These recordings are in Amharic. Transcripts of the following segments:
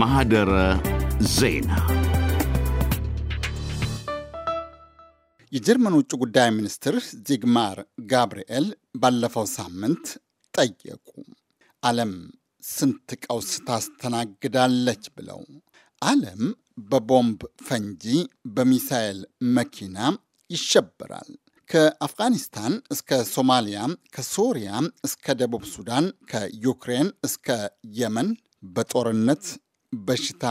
ማህደረ ዜና የጀርመን ውጭ ጉዳይ ሚኒስትር ዚግማር ጋብርኤል ባለፈው ሳምንት ጠየቁ። ዓለም ስንት ቀውስ ታስተናግዳለች ብለው ዓለም በቦምብ ፈንጂ፣ በሚሳኤል መኪና ይሸበራል። ከአፍጋኒስታን እስከ ሶማሊያ፣ ከሶሪያ እስከ ደቡብ ሱዳን፣ ከዩክሬን እስከ የመን በጦርነት በሽታ፣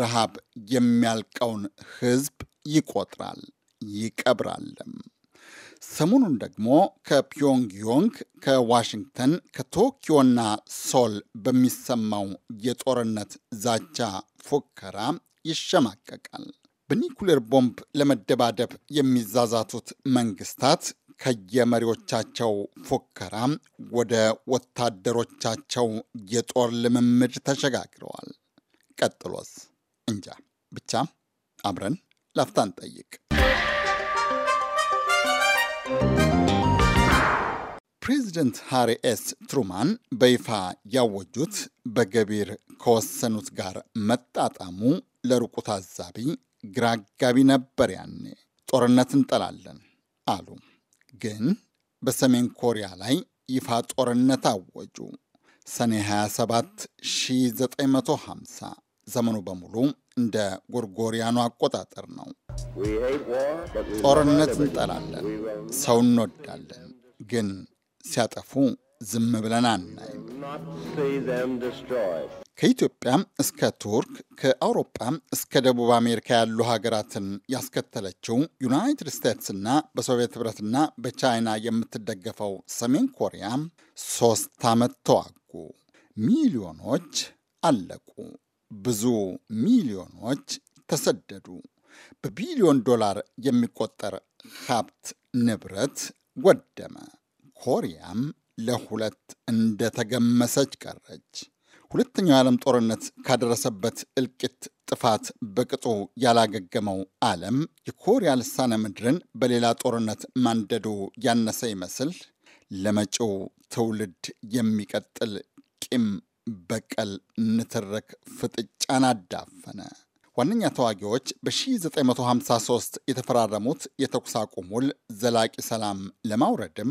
ረሃብ የሚያልቀውን ህዝብ ይቆጥራል ይቀብራልም። ሰሞኑን ደግሞ ከፒዮንግዮንግ ከዋሽንግተን ከቶኪዮና ሶል በሚሰማው የጦርነት ዛቻ ፉከራ ይሸማቀቃል። በኒኩሌር ቦምብ ለመደባደብ የሚዛዛቱት መንግስታት ከየመሪዎቻቸው ፉከራ ወደ ወታደሮቻቸው የጦር ልምምድ ተሸጋግረዋል። ቀጥሎስ? እንጃ። ብቻ አብረን ላፍታን ጠይቅ። ፕሬዚደንት ሃሪ ኤስ ትሩማን በይፋ ያወጁት በገቢር ከወሰኑት ጋር መጣጣሙ ለሩቁ ታዛቢ ግራ አጋቢ ነበር ያኔ። ጦርነት እንጠላለን አሉ። ግን በሰሜን ኮሪያ ላይ ይፋ ጦርነት አወጁ። ሰኔ 27 1950 ዘመኑ በሙሉ እንደ ጎርጎሪያኑ አቆጣጠር ነው። ጦርነት እንጠላለን፣ ሰው እንወዳለን፣ ግን ሲያጠፉ ዝም ብለናል። ከኢትዮጵያ እስከ ቱርክ ከአውሮጳ እስከ ደቡብ አሜሪካ ያሉ ሀገራትን ያስከተለችው ዩናይትድ ስቴትስና በሶቪየት ህብረትና በቻይና የምትደገፈው ሰሜን ኮሪያ ሶስት ዓመት ተዋጉ። ሚሊዮኖች አለቁ። ብዙ ሚሊዮኖች ተሰደዱ። በቢሊዮን ዶላር የሚቆጠር ሀብት ንብረት ወደመ። ኮሪያም ለሁለት እንደተገመሰች ቀረች። ሁለተኛው የዓለም ጦርነት ካደረሰበት እልቂት ጥፋት በቅጡ ያላገገመው ዓለም የኮሪያ ልሳነ ምድርን በሌላ ጦርነት ማንደዱ ያነሰ ይመስል ለመጪው ትውልድ የሚቀጥል ቂም በቀል ንትርክ ፍጥጫን አዳፈነ። ዋነኛ ተዋጊዎች በ1953 የተፈራረሙት የተኩስ አቁም ውል ዘላቂ ሰላም ለማውረድም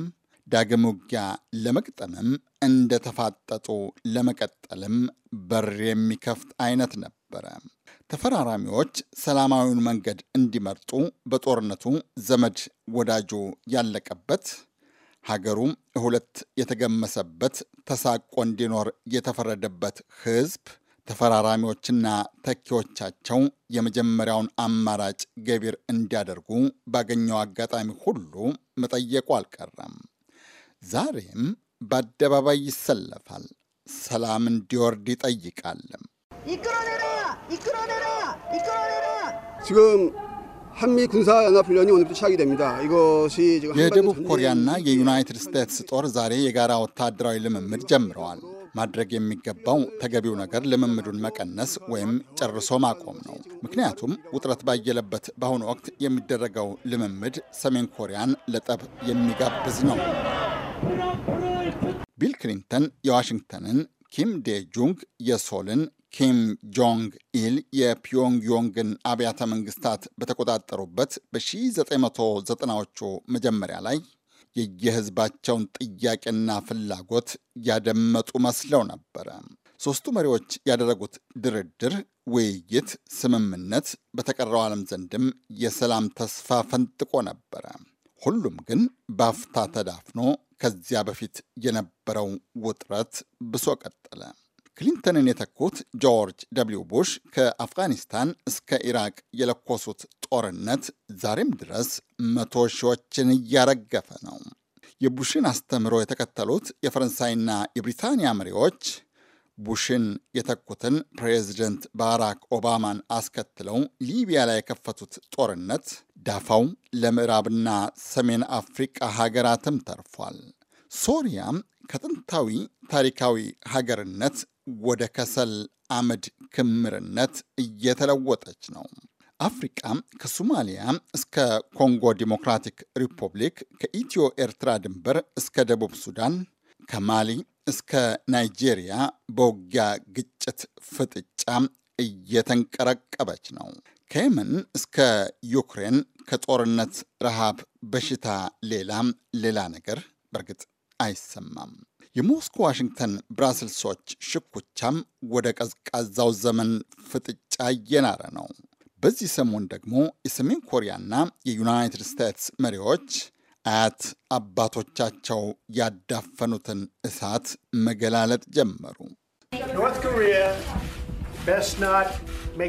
ዳግም ውጊያ ለመግጠምም እንደተፋጠጡ ለመቀጠልም በር የሚከፍት አይነት ነበረ። ተፈራራሚዎች ሰላማዊውን መንገድ እንዲመርጡ በጦርነቱ ዘመድ ወዳጁ ያለቀበት ሀገሩ ሁለት የተገመሰበት ተሳቆ እንዲኖር የተፈረደበት ህዝብ ተፈራራሚዎችና ተኪዎቻቸው የመጀመሪያውን አማራጭ ገቢር እንዲያደርጉ ባገኘው አጋጣሚ ሁሉ መጠየቁ አልቀረም። ዛሬም በአደባባይ ይሰለፋል። ሰላም እንዲወርድ ይጠይቃል። የደቡብ ኮሪያና የዩናይትድ ስቴትስ ጦር ዛሬ የጋራ ወታደራዊ ልምምድ ጀምረዋል። ማድረግ የሚገባው ተገቢው ነገር ልምምዱን መቀነስ ወይም ጨርሶ ማቆም ነው። ምክንያቱም ውጥረት ባየለበት በአሁኑ ወቅት የሚደረገው ልምምድ ሰሜን ኮሪያን ለጠብ የሚጋብዝ ነው። ቢል ክሊንተን የዋሽንግተንን፣ ኪም ጁንግ የሶልን፣ ኪም ጆንግ ኢል የፒዮንግዮንግን አብያተ መንግስታት በተቆጣጠሩበት በ1990ዎቹ መጀመሪያ ላይ የየህዝባቸውን ጥያቄና ፍላጎት ያደመጡ መስለው ነበረ። ሦስቱ መሪዎች ያደረጉት ድርድር፣ ውይይት፣ ስምምነት በተቀረው ዓለም ዘንድም የሰላም ተስፋ ፈንጥቆ ነበረ። ሁሉም ግን ባፍታ ተዳፍኖ ከዚያ በፊት የነበረው ውጥረት ብሶ ቀጠለ። ክሊንተንን የተኩት ጆርጅ ደብሊው ቡሽ ከአፍጋኒስታን እስከ ኢራቅ የለኮሱት ጦርነት ዛሬም ድረስ መቶ ሺዎችን እያረገፈ ነው። የቡሽን አስተምህሮ የተከተሉት የፈረንሳይና የብሪታንያ መሪዎች ቡሽን የተኩትን ፕሬዚደንት ባራክ ኦባማን አስከትለው ሊቢያ ላይ የከፈቱት ጦርነት ዳፋው ለምዕራብና ሰሜን አፍሪቃ ሀገራትም ተርፏል። ሶሪያም ከጥንታዊ ታሪካዊ ሀገርነት ወደ ከሰል አመድ ክምርነት እየተለወጠች ነው። አፍሪቃ ከሱማሊያ እስከ ኮንጎ ዲሞክራቲክ ሪፑብሊክ፣ ከኢትዮ ኤርትራ ድንበር እስከ ደቡብ ሱዳን፣ ከማሊ እስከ ናይጄሪያ በውጊያ ግጭት፣ ፍጥጫ እየተንቀረቀበች ነው። ከየመን እስከ ዩክሬን ከጦርነት፣ ረሃብ፣ በሽታ ሌላም ሌላ ነገር በእርግጥ አይሰማም። የሞስኮ ዋሽንግተን ብራስልሶች ሽኩቻም ወደ ቀዝቃዛው ዘመን ፍጥጫ እየናረ ነው። በዚህ ሰሞን ደግሞ የሰሜን ኮሪያና የዩናይትድ ስቴትስ መሪዎች አያት አባቶቻቸው ያዳፈኑትን እሳት መገላለጥ ጀመሩ።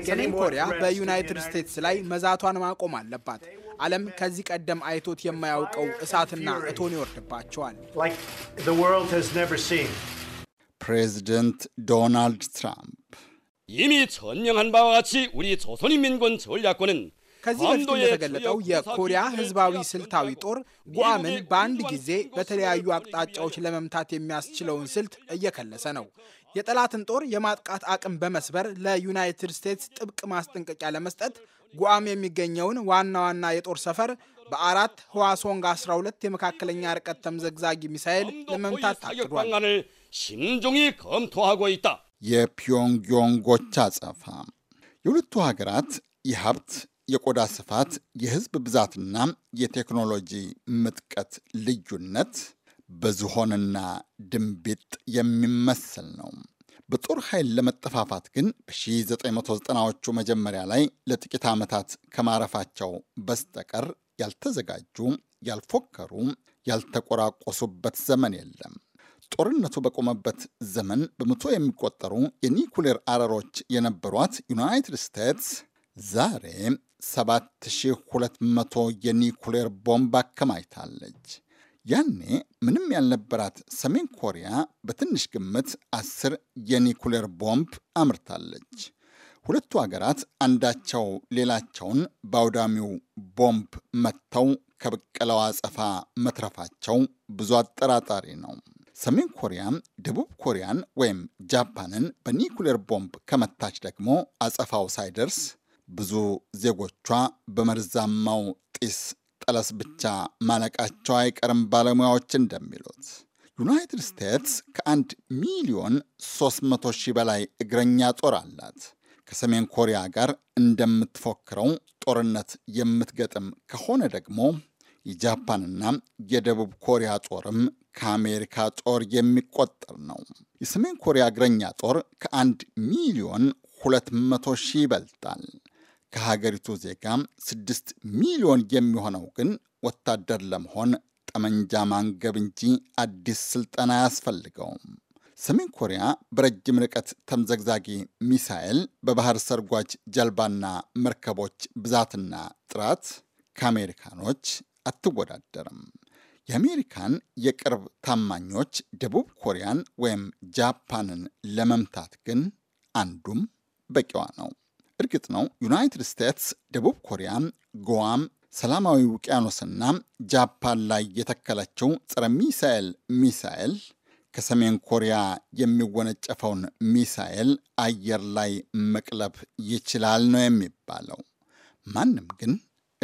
ሰሜን ኮሪያ በዩናይትድ ስቴትስ ላይ መዛቷን ማቆም አለባት። ዓለም ከዚህ ቀደም አይቶት የማያውቀው እሳትና እቶን ይወርድባቸዋል። ፕሬዚደንት ዶናልድ ትራምፕ ከዚህ በፊት እንደተገለጠው የኮሪያ ሕዝባዊ ስልታዊ ጦር ጓምን በአንድ ጊዜ በተለያዩ አቅጣጫዎች ለመምታት የሚያስችለውን ስልት እየከለሰ ነው። የጠላትን ጦር የማጥቃት አቅም በመስበር ለዩናይትድ ስቴትስ ጥብቅ ማስጠንቀቂያ ለመስጠት ጓም የሚገኘውን ዋና ዋና የጦር ሰፈር በአራት ህዋሶንግ 12 የመካከለኛ ርቀት ተምዘግዛጊ ሚሳይል ለመምታት ታቅዷል። የፒዮንግዮንጎች አጸፋ የሁለቱ ሀገራት የሀብት የቆዳ ስፋት፣ የህዝብ ብዛትና የቴክኖሎጂ ምጥቀት ልዩነት በዝሆንና ድንቢጥ የሚመስል ነው። በጦር ኃይል ለመጠፋፋት ግን በ1990ዎቹ መጀመሪያ ላይ ለጥቂት ዓመታት ከማረፋቸው በስተቀር ያልተዘጋጁ፣ ያልፎከሩ፣ ያልተቆራቆሱበት ዘመን የለም። ጦርነቱ በቆመበት ዘመን በመቶ የሚቆጠሩ የኒኩሌር አረሮች የነበሯት ዩናይትድ ስቴትስ ዛሬ 7200 የኒኩሌር ቦምብ አከማችታለች። ያኔ ምንም ያልነበራት ሰሜን ኮሪያ በትንሽ ግምት አስር የኒኩሌር ቦምብ አምርታለች። ሁለቱ ሀገራት አንዳቸው ሌላቸውን በአውዳሚው ቦምብ መጥተው ከበቀለው አጸፋ መትረፋቸው ብዙ አጠራጣሪ ነው። ሰሜን ኮሪያ ደቡብ ኮሪያን ወይም ጃፓንን በኒኩሌር ቦምብ ከመታች ደግሞ አጸፋው ሳይደርስ ብዙ ዜጎቿ በመርዛማው ጢስ መጠለስ ብቻ ማለቃቸው አይቀርም። ባለሙያዎች እንደሚሉት ዩናይትድ ስቴትስ ከአንድ ሚሊዮን 300 ሺህ በላይ እግረኛ ጦር አላት። ከሰሜን ኮሪያ ጋር እንደምትፎክረው ጦርነት የምትገጥም ከሆነ ደግሞ የጃፓንና የደቡብ ኮሪያ ጦርም ከአሜሪካ ጦር የሚቆጠር ነው። የሰሜን ኮሪያ እግረኛ ጦር ከአንድ ሚሊዮን 200 ሺህ ይበልጣል። ከሀገሪቱ ዜጋ ስድስት ሚሊዮን የሚሆነው ግን ወታደር ለመሆን ጠመንጃ ማንገብ እንጂ አዲስ ስልጠና አያስፈልገውም። ሰሜን ኮሪያ በረጅም ርቀት ተምዘግዛጊ ሚሳኤል፣ በባህር ሰርጓጅ ጀልባና መርከቦች ብዛትና ጥራት ከአሜሪካኖች አትወዳደርም። የአሜሪካን የቅርብ ታማኞች ደቡብ ኮሪያን ወይም ጃፓንን ለመምታት ግን አንዱም በቂዋ ነው። እርግጥ ነው ዩናይትድ ስቴትስ ደቡብ ኮሪያም ጎዋም ሰላማዊ ውቅያኖስና ጃፓን ላይ የተከለችው ጸረ ሚሳኤል ሚሳኤል ከሰሜን ኮሪያ የሚወነጨፈውን ሚሳኤል አየር ላይ መቅለብ ይችላል ነው የሚባለው። ማንም ግን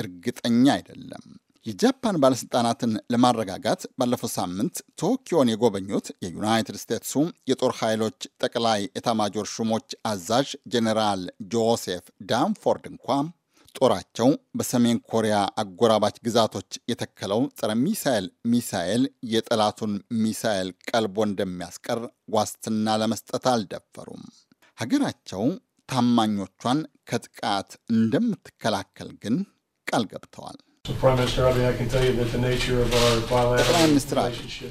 እርግጠኛ አይደለም። የጃፓን ባለስልጣናትን ለማረጋጋት ባለፈው ሳምንት ቶኪዮን የጎበኙት የዩናይትድ ስቴትሱ የጦር ኃይሎች ጠቅላይ ኤታማጆር ሹሞች አዛዥ ጄኔራል ጆሴፍ ዳንፎርድ እንኳ ጦራቸው በሰሜን ኮሪያ አጎራባች ግዛቶች የተከለው ጸረ ሚሳኤል ሚሳኤል የጠላቱን ሚሳኤል ቀልቦ እንደሚያስቀር ዋስትና ለመስጠት አልደፈሩም። ሀገራቸው ታማኞቿን ከጥቃት እንደምትከላከል ግን ቃል ገብተዋል። ጠቅላይ ሚኒስትር አብይ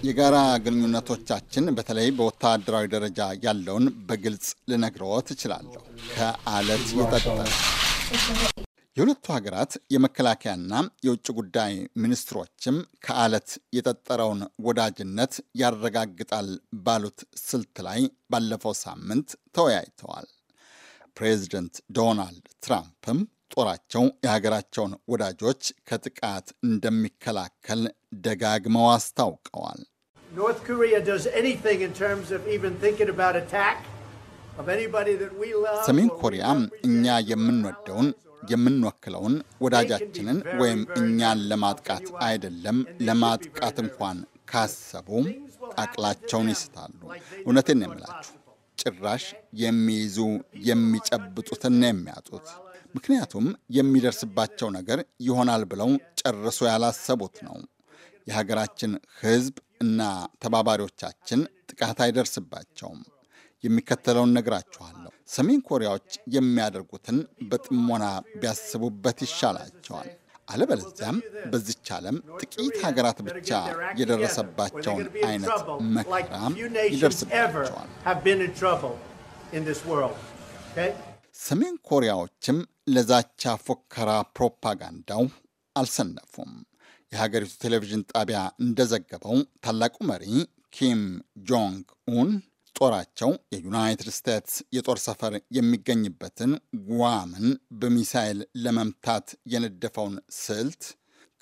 የጋራ ግንኙነቶቻችን በተለይ በወታደራዊ ደረጃ ያለውን በግልጽ ልነግረዎ ትችላለሁ። ከአለት የጠጠረ የሁለቱ ሀገራት የመከላከያና የውጭ ጉዳይ ሚኒስትሮችም ከአለት የጠጠረውን ወዳጅነት ያረጋግጣል ባሉት ስልት ላይ ባለፈው ሳምንት ተወያይተዋል። ፕሬዚደንት ዶናልድ ትራምፕም ጦራቸው የሀገራቸውን ወዳጆች ከጥቃት እንደሚከላከል ደጋግመው አስታውቀዋል። ሰሜን ኮሪያ እኛ የምንወደውን የምንወክለውን ወዳጃችንን ወይም እኛን ለማጥቃት አይደለም ለማጥቃት እንኳን ካሰቡ አቅላቸውን ይስታሉ። እውነቴን ነው የምላችሁ። ጭራሽ የሚይዙ የሚጨብጡትን ነው የሚያጡት። ምክንያቱም የሚደርስባቸው ነገር ይሆናል ብለው ጨርሶ ያላሰቡት ነው። የሀገራችን ሕዝብ እና ተባባሪዎቻችን ጥቃት አይደርስባቸውም። የሚከተለውን ነግራችኋለሁ። ሰሜን ኮሪያዎች የሚያደርጉትን በጥሞና ቢያስቡበት ይሻላቸዋል። አለበለዚያም በዚች ዓለም ጥቂት ሀገራት ብቻ የደረሰባቸውን አይነት መከራም ይደርስባቸዋል። ሰሜን ኮሪያዎችም ለዛቻ ፎከራ ፕሮፓጋንዳው አልሰነፉም። የሀገሪቱ ቴሌቪዥን ጣቢያ እንደዘገበው ታላቁ መሪ ኪም ጆንግ ኡን ጦራቸው የዩናይትድ ስቴትስ የጦር ሰፈር የሚገኝበትን ጓምን በሚሳይል ለመምታት የነደፈውን ስልት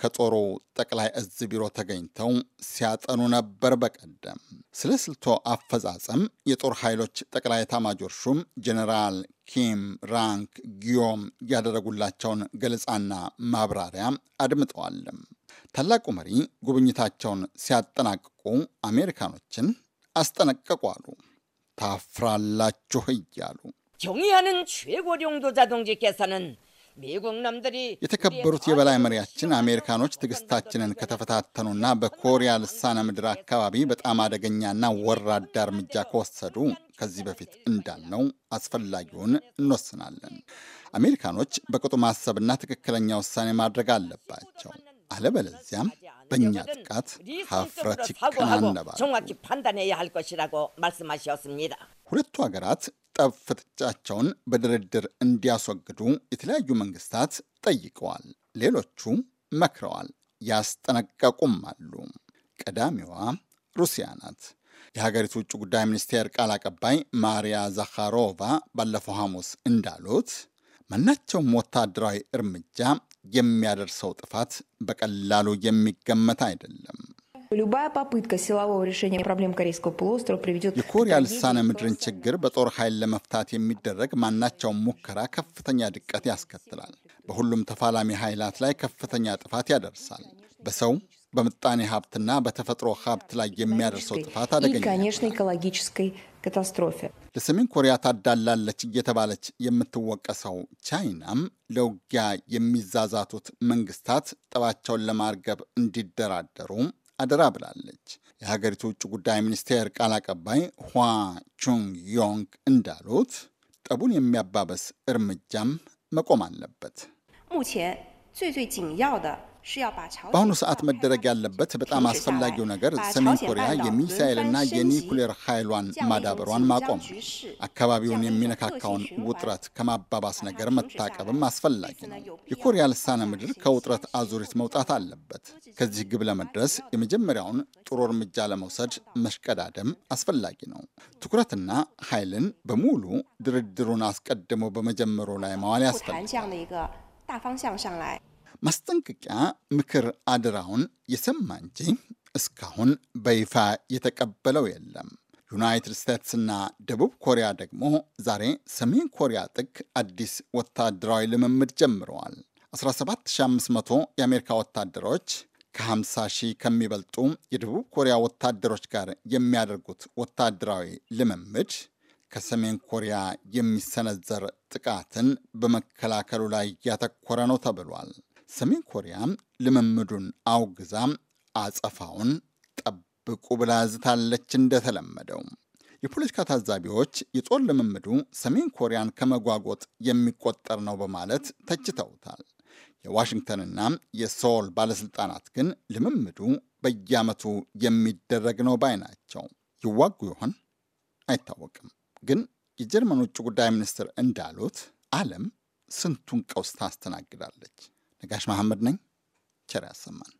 ከጦሩ ጠቅላይ እዝ ቢሮ ተገኝተው ሲያጠኑ ነበር። በቀደም ስለ ስልቶ አፈጻጸም የጦር ኃይሎች ጠቅላይ ኤታማዦር ሹም ጄኔራል ኪም ራንክ ጊዮም ያደረጉላቸውን ገለጻና ማብራሪያ አድምጠዋል። ታላቁ መሪ ጉብኝታቸውን ሲያጠናቅቁ አሜሪካኖችን አስጠነቀቁ አሉ። ታፍራላችሁ እያሉ የተከበሩት የበላይ መሪያችን አሜሪካኖች ትዕግስታችንን ከተፈታተኑና በኮሪያ ልሳነ ምድር አካባቢ በጣም አደገኛና ወራዳ እርምጃ ከወሰዱ ከዚህ በፊት እንዳልነው አስፈላጊውን እንወስናለን። አሜሪካኖች በቅጡ ማሰብና ትክክለኛ ውሳኔ ማድረግ አለባቸው። አለበለዚያም በእኛ ጥቃት ሀፍረት ይከናነባል። ሁለቱ ሀገራት ጠብ ፍጥጫቸውን በድርድር እንዲያስወግዱ የተለያዩ መንግስታት ጠይቀዋል። ሌሎቹ መክረዋል፣ ያስጠነቀቁም አሉ። ቀዳሚዋ ሩሲያ ናት። የሀገሪቱ ውጭ ጉዳይ ሚኒስቴር ቃል አቀባይ ማሪያ ዛካሮቫ ባለፈው ሐሙስ እንዳሉት ማናቸውም ወታደራዊ እርምጃ የሚያደርሰው ጥፋት በቀላሉ የሚገመት አይደለም። Любая попытка силового решения проблем Корейского полуострова приведет... የኮሪያ ልሳነ ምድርን ችግር በጦር ኃይል ለመፍታት የሚደረግ ማናቸውም ሙከራ ከፍተኛ ድቀት ያስከትላል። በሁሉም ተፋላሚ ኃይላት ላይ ከፍተኛ ጥፋት ያደርሳል። በሰው በምጣኔ ሀብትና በተፈጥሮ ሀብት ላይ የሚያደርሰው ጥፋት አደገኛ ለሰሜን ኮሪያ ታዳላለች እየተባለች የምትወቀሰው ቻይናም ለውጊያ የሚዛዛቱት መንግስታት ጠባቸውን ለማርገብ እንዲደራደሩ አደራ ብላለች። የሀገሪቱ ውጭ ጉዳይ ሚኒስቴር ቃል አቀባይ ሁዋ ቹንግ ዮንግ እንዳሉት ጠቡን የሚያባበስ እርምጃም መቆም አለበት። በአሁኑ ሰዓት መደረግ ያለበት በጣም አስፈላጊው ነገር ሰሜን ኮሪያ የሚሳኤልና የኒውክሌር ኃይሏን ማዳበሯን ማቆም፣ አካባቢውን የሚነካካውን ውጥረት ከማባባስ ነገር መታቀብም አስፈላጊ ነው። የኮሪያ ልሳነ ምድር ከውጥረት አዙሪት መውጣት አለበት። ከዚህ ግብ ለመድረስ የመጀመሪያውን ጥሩ እርምጃ ለመውሰድ መሽቀዳደም አስፈላጊ ነው። ትኩረትና ኃይልን በሙሉ ድርድሩን አስቀድሞ በመጀመሩ ላይ መዋል ያስፈልጋል። ማስጠንቀቂያ ምክር አድራውን የሰማ እንጂ እስካሁን በይፋ የተቀበለው የለም። ዩናይትድ ስቴትስና ደቡብ ኮሪያ ደግሞ ዛሬ ሰሜን ኮሪያ ጥግ አዲስ ወታደራዊ ልምምድ ጀምረዋል። 17500 የአሜሪካ ወታደሮች ከ50 ሺህ ከሚበልጡ የደቡብ ኮሪያ ወታደሮች ጋር የሚያደርጉት ወታደራዊ ልምምድ ከሰሜን ኮሪያ የሚሰነዘር ጥቃትን በመከላከሉ ላይ ያተኮረ ነው ተብሏል። ሰሜን ኮሪያ ልምምዱን አውግዛ አጸፋውን ጠብቁ ብላ ዝታለች። እንደተለመደው የፖለቲካ ታዛቢዎች የጦር ልምምዱ ሰሜን ኮሪያን ከመጓጎጥ የሚቆጠር ነው በማለት ተችተውታል። የዋሽንግተንና የሶል ባለሥልጣናት ግን ልምምዱ በየዓመቱ የሚደረግ ነው ባይ ናቸው። ይዋጉ ይሆን አይታወቅም። ግን የጀርመን ውጭ ጉዳይ ሚኒስትር እንዳሉት ዓለም ስንቱን ቀውስ ታስተናግዳለች። ነጋሽ መሐመድ ነኝ። ቸር ያሰማን።